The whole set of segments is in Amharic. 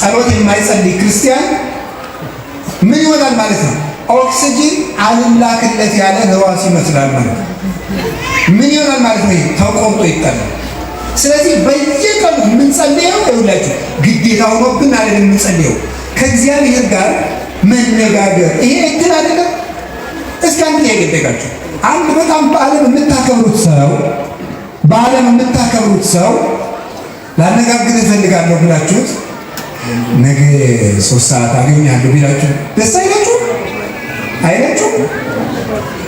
ጸሎት የማይጸልይ ክርስቲያን ምን ይሆናል ማለት ነው? ኦክሲጂን አልላክለት ያለ ህዋስ ይመስላል ማለት ነው። ምን ይሆናል ማለት ነው? ተቆርጦ ይጠላል። ስለዚህ በየቀኑ የምንጸልየው ይውላችሁ ግዴታ ሆኖብን አለ የምንጸልየው ከእግዚአብሔር ጋር መነጋገር ይሄ እድል አይደለም። እስኪ አንድ ጥያቄ ልጠይቃችሁ። አንድ በጣም በዓለም የምታከብሩት ሰው በዓለም የምታከብሩት ሰው ላነጋግር እፈልጋለሁ ብላችሁት ነገ ሶስት ሰዓት አገኛለሁ ቢላችሁ ደስ አይላችሁ አይላችሁ?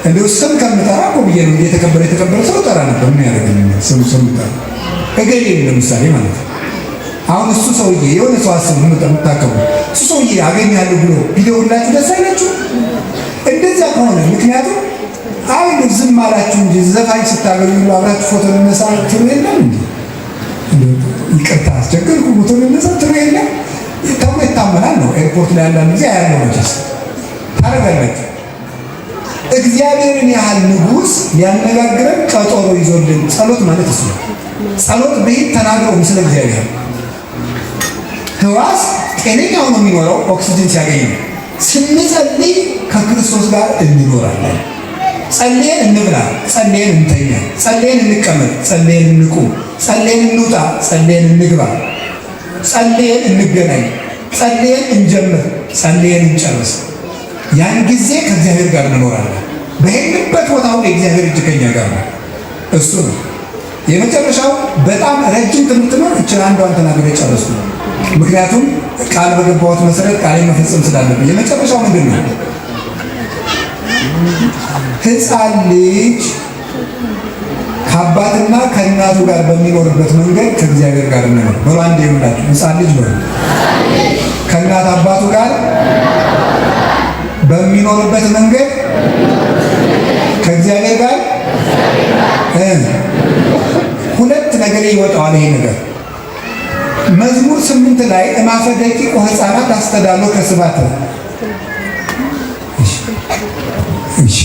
እንደው ስም ከምጠራ እኮ ብዬ ነው። የተከበረ የተከበረ ሰው ጠራ ነበር። ምን ያደርግልኝ ስም ስም ጠራ እገሌ ለምሳሌ ማለት ነው። አሁን እሱ ሰውዬ የሆነ ሰው አስቡ፣ የምታከቡ እሱ ሰውዬ አገኛለሁ ብሎ ቢደውላችሁ ደስ አይላችሁ? እንደዚያ ከሆነ ምክንያቱም አይ ዝም አላችሁ እንጂ ዘፋኝ ስታገኙ አብራችሁ ፎቶ ልነሳ ትሉ የለም እንዴ? ይቅርታ አስቸገርኩ ፎቶ ልነሳ ትሉ የለም ተብሎ ይታመናል ኤርፖርት ላይ አንዳንድ ጊዜ ያለው መቼስ ታደርጋለች። እግዚአብሔርን ያህል ንጉሥ ሊያነጋግረን ቀጠሮ ይዞልን ጸሎት ማለት እሱ ነው። ጸሎት ብሂድ ተናግረው ምስለ እግዚአብሔር ህዋስ ጤነኛ ሆኖ የሚኖረው ኦክሲጅን ሲያገኝ ነው። ስንጸልይ ከክርስቶስ ጋር እንኖራለን። ጸልየን እንብላ፣ ጸልየን እንተኛ፣ ጸልየን እንቀመጥ፣ ጸልየን እንቁም፣ ጸልየን እንውጣ፣ ጸልየን እንግባ ጸልየን እንገናኝ፣ ጸልየን እንጀምር፣ ጸልየን እንጨርስ። ያን ጊዜ ከእግዚአብሔር ጋር እንኖራለን። በሄድንበት ቦታ ሁሉ የእግዚአብሔር እጅ ከኛ ጋር ነው። እሱ ነው የመጨረሻው። በጣም ረጅም ትምህርት ነው። እችን አንዷን ተናግሬ ጨረስኩ። ምክንያቱም ቃል በገባሁት መሰረት ቃሌን መፈጸም ስላለብኝ የመጨረሻው ምንድን ነው? ህፃን ልጅ ከአባትና ከእናቱ ጋር በሚኖርበት መንገድ ከእግዚአብሔር ጋር ነው። ብሎ አንድ ይሁንላችሁ። ሕፃን ልጅ ነው ከእናት አባቱ ጋር በሚኖርበት መንገድ ከእግዚአብሔር ጋር ሁለት ነገር ይወጣዋል። ይሄ ነገር መዝሙር ስምንት ላይ እማፈ ደቂቁ ሕፃናት አስተዳሎ ከስባት ነው። እሺ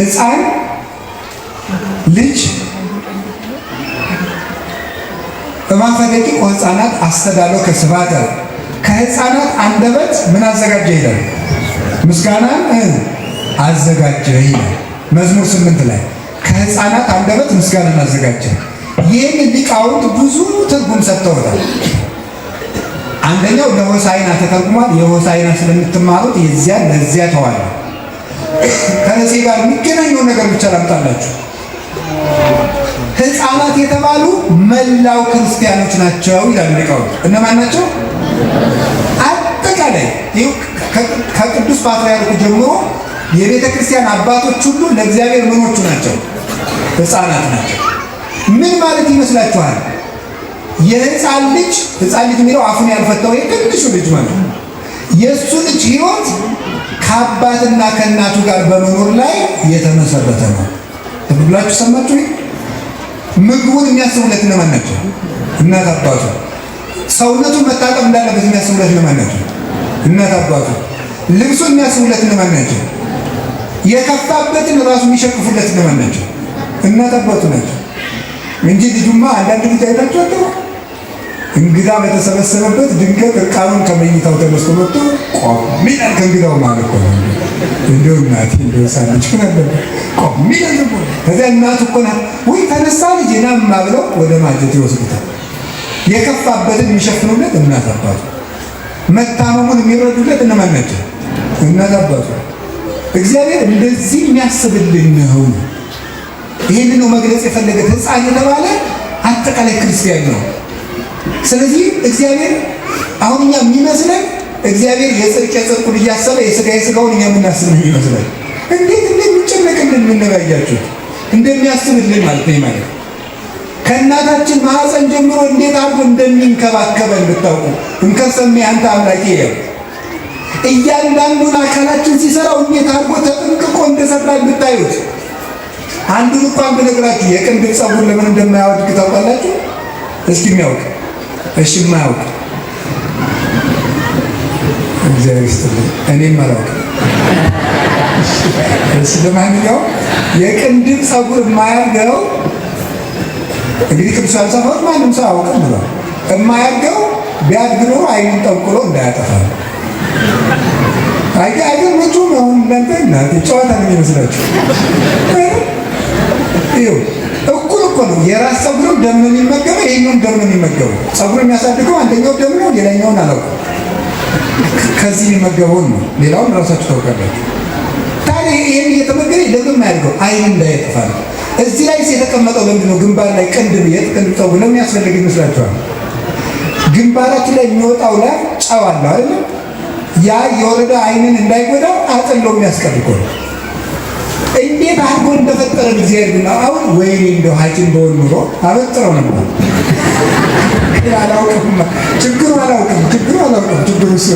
ህፃን ልጅ በማፈለቂ ህፃናት አስተዳሎ ከስባተ ከህፃናት አንደበት ምን አዘጋጀ ይላል ምስጋና አዘጋጀ ይላል መዝሙር ስምንት ላይ ከህፃናት አንደበት ምስጋና አዘጋጀ። ይህን ሊቃውንት ብዙ ትርጉም ሰጥተውታል። አንደኛው ለሆሳይና ተተርጉሟል። የሆሳይና ስለምትማሩት የዚያ ለዚያ ተዋለ ከነሴ ጋር የሚገናኘው ነገር ብቻ ላምጣላችሁ። ህፃናት የተባሉ መላው ክርስቲያኖች ናቸው ይላሉ ሊቃውንት። እነማን ናቸው? አጠቃላይ ከቅዱስ ፓትርያርኩ ጀምሮ የቤተ ክርስቲያን አባቶች ሁሉ ለእግዚአብሔር ምኖቹ ናቸው? ሕፃናት ናቸው። ምን ማለት ይመስላችኋል? የሕፃን ልጅ ሕፃን ልጅ የሚለው አፉን ያልፈታው ትንሹ ልጅ ማለት የእሱ ልጅ ሕይወት ከአባትና ከእናቱ ጋር በመኖር ላይ የተመሰረተ ነው። ተብላችሁ ሰማችሁ። ምግቡን የሚያስቡለት እነማን ናቸው? እናት አባቱ። ሰውነቱን መታጠብ እንዳለበት የሚያስቡለት እነማን ናቸው? እናት አባቱ። ልብሱን የሚያስቡለት እነማን ናቸው? የከፋበትን ራሱ የሚሸቅፉለት እነማን ናቸው? እናት አባቱ ናቸው እንጂ ልጁማ አንዳንድ ልጅ አይታችሁ እንግዳ በተሰበሰበበት ድንገት እርቃኑን ከመኝታው ተነስቶ መጥቶ ቆም ይላል። ከእንግዳው ማለት እኮ ነው። እንደው እናቴ እንደው ሳለች ነበር ቆም ይላል። ከዚያ እናቱ እኮ ናት ወይ ተነሳ ልጅ ናማ ብለው ወደ ማጀት ይወስዱታል። የከፋበትን የሚሸፍኑለት እናት አባቱ፣ መታመሙን የሚረዱለት እነማን ናቸው? እናት አባቱ። እግዚአብሔር እንደዚህ የሚያስብልን ነው። ይህንን መግለጽ የፈለገ ሕፃን የተባለ አጠቃላይ ክርስቲያን ነው። ስለዚህ እግዚአብሔር አሁን እኛ የሚመስለን እግዚአብሔር የጽድቅ የጽድቁን እያሰበ የስጋ የስጋውን እኛ የምናስብ ይመስላል። እንዴት እንደሚጨነቅልን የምንወያያችሁት እንደሚያስብልን ማለት ነው ማለት ከእናታችን ማህፀን ጀምሮ እንዴት አድርጎ እንደሚንከባከበን ብታውቁ እንከሰሚ አንተ አምላኬ ያው እያንዳንዱን አካላችን ሲሰራው እንዴት አድርጎ ተጠንቅቆ እንደሰራን ብታዩት። አንዱን እንኳን ብነግራችሁ የቅንድብ ጸጉር ለምን እንደማያወድቅ ታውቃላችሁ? እስኪ የሚያውቅ እሺ ማያውቅ እግዚአብሔር ይስጥልኝ። እኔም አላውቅም። እሺ ለማንኛውም የቅንድብ ጸጉር የማያድገው እንግዲህ ቅዱስ ያልጻፈውን ማንም ሰው አያውቅም ብሏል። የማያድገው ቢያድግ ኖሮ አይኑን እንዳያጠፋ አይ አገሮቹ አሁን እናንተ እናቴ ጨዋታ ነው የሚመስላችሁ ይኸው እኮ ነው። የራስ ፀጉር ደም ነው የሚመገበው፣ ይሄኛውም ደም ነው የሚመገበው። ፀጉር የሚያሳድገው አንደኛው ደም ነው፣ ሌላኛውን አላውቅም። ከዚህ የሚመገበውን ነው፣ ሌላውን ራሳችሁ ታውቃላችሁ። ታዲያ ይህን እየተመገበ ደግም ማያድገው? አይን እንዳይጠፋ ነው። እዚህ ላይ የተቀመጠው ለምንድን ግንባር ላይ ቅንድ ብየት ቅንድ ፀጉር ለምን ይመስላችኋል? ግንባራችን ላይ የሚወጣው ላይ ጨው አለ ያ የወረደ አይንን እንዳይጎዳ አጥሎ የሚያስቀር ነው። እንዴት አድርጎ እንደፈጠረ እግዚአብሔር ነው። አሁን ወይኔ እንደው ሐኪም በሆን ኑሮ አበጥረው ነበር። አላውቅም፣ ችግሩ አላውቅም፣ ችግሩ አላውቅም፣ ችግሩ እሱ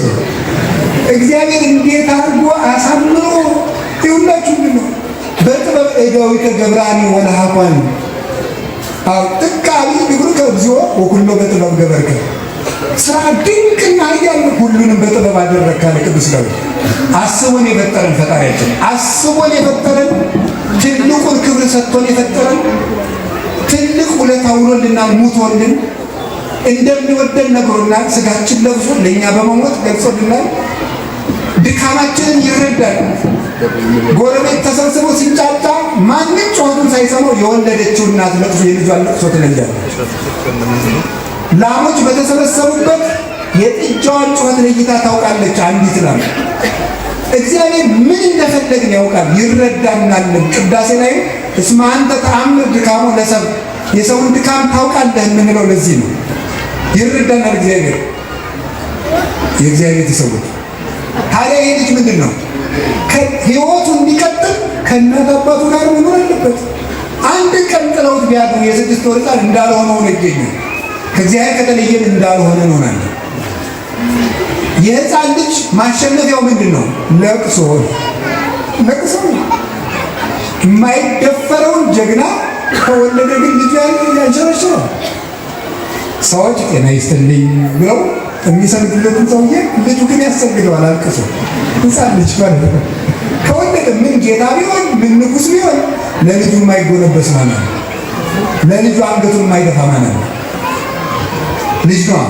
እግዚአብሔር እንዴት አድርጎ አሳምሮ ይሁላችሁ ምንድን ነው በጥበብ እደዊተ ገብራኒ ወለሃኳኒ አው ጥቃቢ እግሩ ከብዚወ ወኩሎ በጥበብ ገበርከ ስራ ድንቅና እያለ ሁሉንም በጥበብ አደረግካለ ቅዱስ ዳዊት አስቦን የፈጠረን ፈጣሪያችን አስቦን የፈጠረን ትልቁን ክብር ሰጥቶን የፈጠረን ትልቅ ውለታ ውሎልናል፣ ሙቶልን እንደሚወደን ነግሮናል። ስጋችን ለብሶ ለእኛ በመሞት ገልጾልናል። ድካማችንን ይረዳል። ጎረቤት ተሰብስቦ ሲንጫጫ ማንም ጩኸቱን ሳይሰማው የወለደችው እናት ለቅሶ የልጇን ለቅሶ ትለያለች። ላሞች በተሰበሰቡበት የጥጃዋን ጩኸት ለይታ ታውቃለች። አንዲት ላም እግዚአብሔር ምን እንደፈለግን ያውቃል፣ ይረዳናልም። ቅዳሴ ላይ እስመ አንተ ተአምር ድካሙ ለሰብ የሰውን ድካም ታውቃለህ የምንለው ለዚህ ነው። ይረዳናል እግዚአብሔር የእግዚአብሔር ሰዎች ታዲያ ይሄ ልጅ ምንድን ነው? ህይወቱ እንዲቀጥል ከእናት አባቱ ጋር መኖር አለበት። አንድ ቀን ጥለውት ቢያድሩ የስድስት ወር ሕፃን እንዳልሆነ ሆነ ይገኛል። ከእግዚአብሔር ከተለየን እንዳልሆነ እንሆናለን። የህፃን ልጅ ማሸነፊያው ምንድን ነው? ለቅሶ ለቅሶ የማይደፈረውን ጀግና ከወለደ ግን ልጁ ያንሸረሸራል። ሰዎች ጤና ይስጥልኝ ብለው የሚሰግድለትን ሰውዬ ልጁ ግን ያሰግደዋል አልቅሶ። ህፃን ልጅ ማለት ነው። ከወለደ ምን ጌታ ቢሆን ምን ንጉስ ቢሆን ለልጁ የማይጎለበስ ማለት ነው። ለልጁ አንገቱን የማይደፋ ማለት ነው። ልጅ ነዋ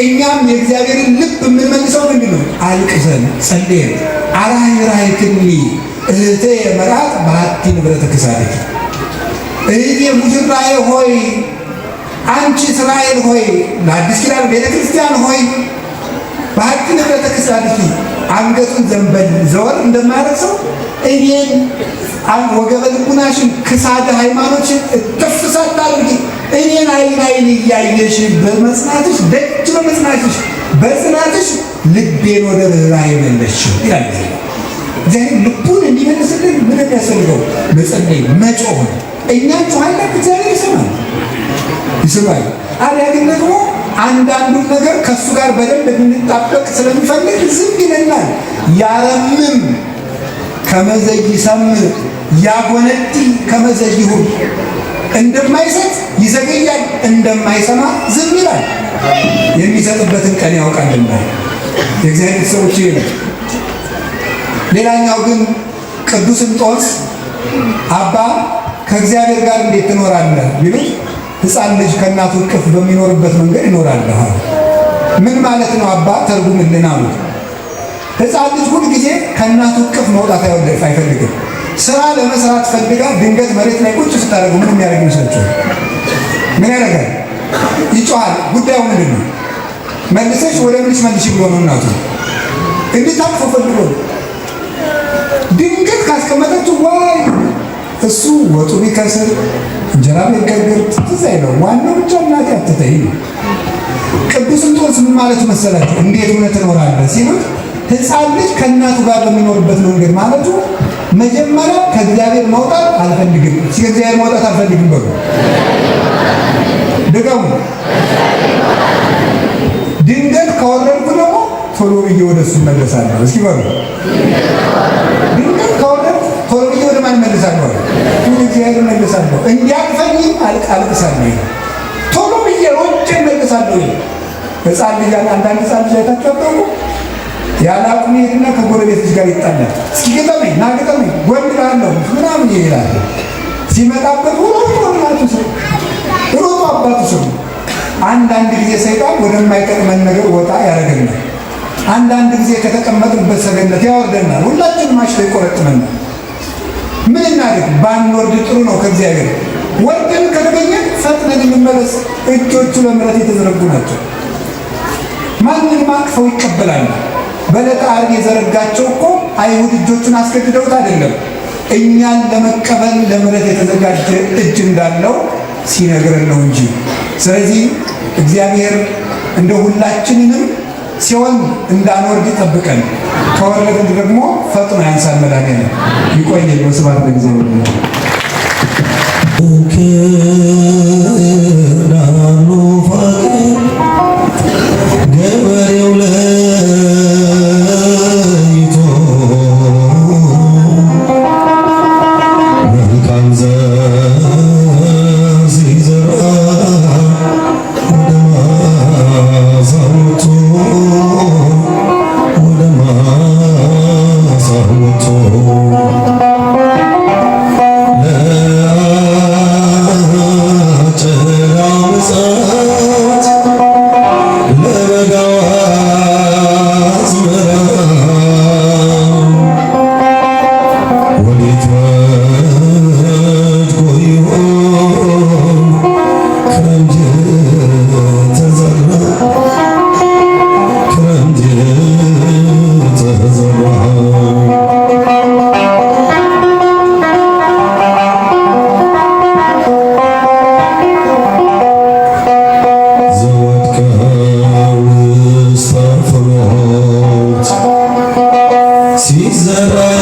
እኛም የእግዚአብሔርን ልብ የምንመልሰው ምንድን ነው? አልቅሰን ጸልየን አራህራይትኒ እህቴ መራት ባቲ ንብረተ ክሳድኪ፣ እህቴ ሙሽራዬ ሆይ አንቺ እስራኤል ሆይ ለአዲስ ኪዳን ቤተ ክርስቲያን ሆይ ባቲ ንብረተ ክሳድኪ፣ አንገቱን ዘንበል ዘወር እንደማያደርግ ሰው እኔን ወገበ ልቡናሽን ክሳደ ሃይማኖችን እጥፍ ሳታደርጊ እኔን አይን አይን እያየሽ በመጽናትሽ ደጅ በመጽናትሽ በጽናትሽ ልቤን ወደ ርኅራኄ መለስሽው ይላል። እግዚአብሔር ልቡን እንዲመልስልን ምን የሚያስፈልገው? መጸለይ፣ መጮህ። እኛ ጮኸን እግዚአብሔር ይሰማል ይሰማል። አልያ ግን ደግሞ አንዳንዱን ነገር ከእሱ ጋር በደንብ እንድንጣበቅ ስለሚፈልግ ዝም ይለናል። ያረምም ከመዘይ ይሰምዕ ያጎነጢ ከመዘ ይሁን እንደማይሰጥ ይዘገያል፣ እንደማይሰማ ዝም ይላል። የሚሰጥበትን ቀን ያውቃልና የእግዚአብሔር ሰዎች ይሉ። ሌላኛው ግን ቅዱስ እንጦንስ አባ ከእግዚአብሔር ጋር እንዴት ትኖራለህ ቢሉት ሕፃን ልጅ ከእናቱ እቅፍ በሚኖርበት መንገድ እኖራለሁ። ምን ማለት ነው አባ ተርጉምልን አሉት። ሕፃን ልጅ ሁልጊዜ ከእናቱ እቅፍ መውጣት አይፈልግም። ስራ ለመስራት ፈልጋ ድንገት መሬት ላይ ቁጭ ስታደርጉ ምን የሚያደርግ ይመስላችኋል? ምን ያደርጋል? ይጮሃል። ጉዳዩ ምንድን ነው? መልሰሽ ወደ ምንሽ መልሽ ብሎ ነው እናቱ እንድታቅፎ ፈልጎ ድንገት ካስቀመጠችው ዋይ እሱ ወጡ ቢከስር እንጀራ ቢከግር ትዝ አይለው። ዋናው ብቻ እናቴ አትተይ ነው። ቅዱስ እንጦንስ ምን ማለት መሰላችሁ? እንዴት እውነት እኖራለሁ ሲሉት ህፃን ልጅ ከእናቱ ጋር በሚኖርበት መንገድ ማለቱ መጀመሪያ ከእግዚአብሔር መውጣት አልፈልግም። እስኪ መውጣት አልፈልግም በሉ ድገሙ። ድንገት ከወረድኩ ደግሞ ቶሎ ብዬ ወደ እሱ መለሳለሁ። እስኪ በሉ ድንገት ከወረድኩ ቶሎ ብዬ ወደ ማን መለሳለሁ? ወደ እግዚአብሔር መለሳለሁ። እንዲያልፈኝ አልቅሳለሁ። ቶሎ ብዬ ሮጬ እመለሳለሁ። ህፃን ልጅ አንዳንድ ህፃን ልጅ አይታችሁ ያለ ከጎረቤት ይሄድና ከጎረቤቶች ጋር ይጣላል። እስኪ ግጠመኝ ና ግጠመኝ ምናምን ይላል። ሲመጣበት ሁሉናቱ ሰው ሮጦ አባቱ ሰው። አንዳንድ ጊዜ ሰይጣን ወደማይጠቅመን ነገር ወጣ ያደረገናል። አንዳንድ ጊዜ ከተቀመጥንበት ሰገነት ያወርደናል። ሁላችንም አሽቶ ይቆረጥመናል። ምን እናድርግ? ባንወርድ ጥሩ ነው ከእግዚአብሔር ወርደን ከተገኘ ፈጥነን እንመለስ። እጆቹ ለምሕረት የተዘረጉ ናቸው። ማንንም አቅፈው ይቀበላል። በዕለተ ዓርብ የዘረጋቸው እኮ አይሁድ እጆቹን አስገድደውት አይደለም፣ እኛን ለመቀበል ለምረት የተዘጋጀ እጅ እንዳለው ሲነግረን ነው እንጂ። ስለዚህ እግዚአብሔር እንደ ሁላችንንም ሲሆን እንዳንወርድ ይጠብቀን፣ ከወረድን ደግሞ ፈጥኖ ያንሳን። መድኃኒዓለም ይቆየን። ስብሐት ለእግዚአብሔር። Jesus.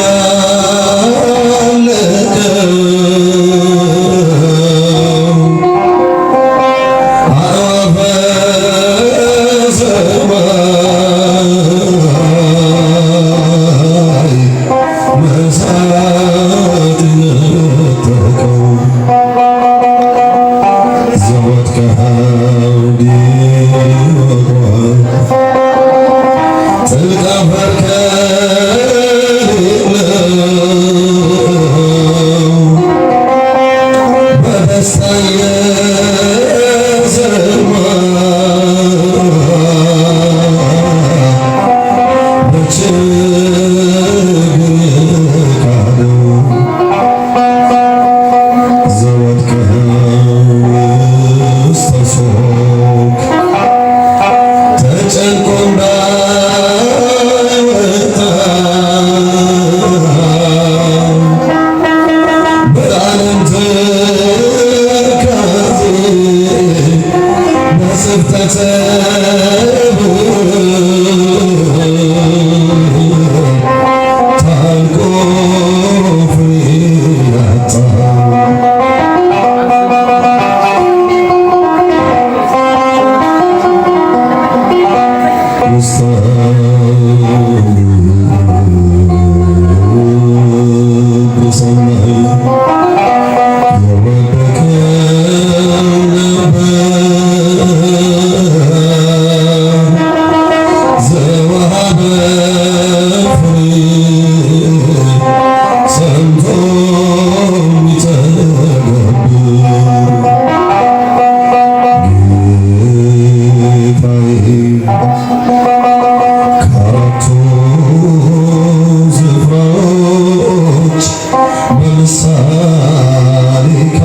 Thank you.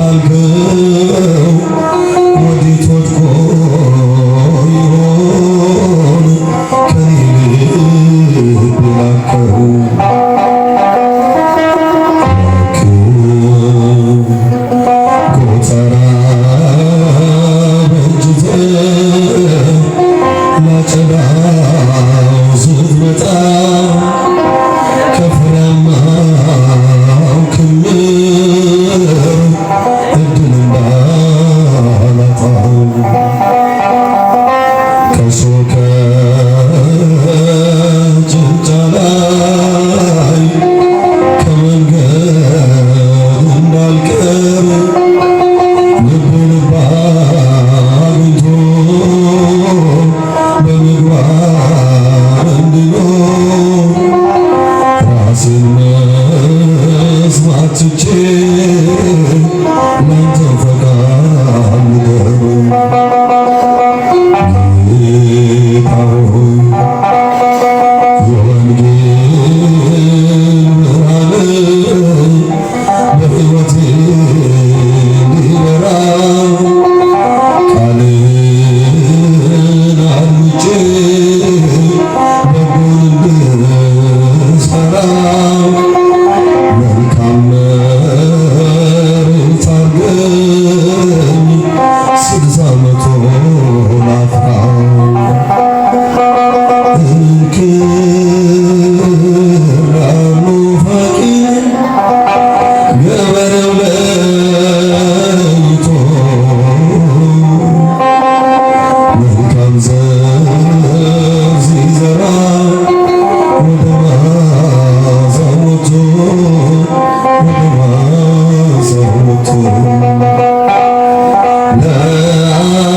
قلبك Allah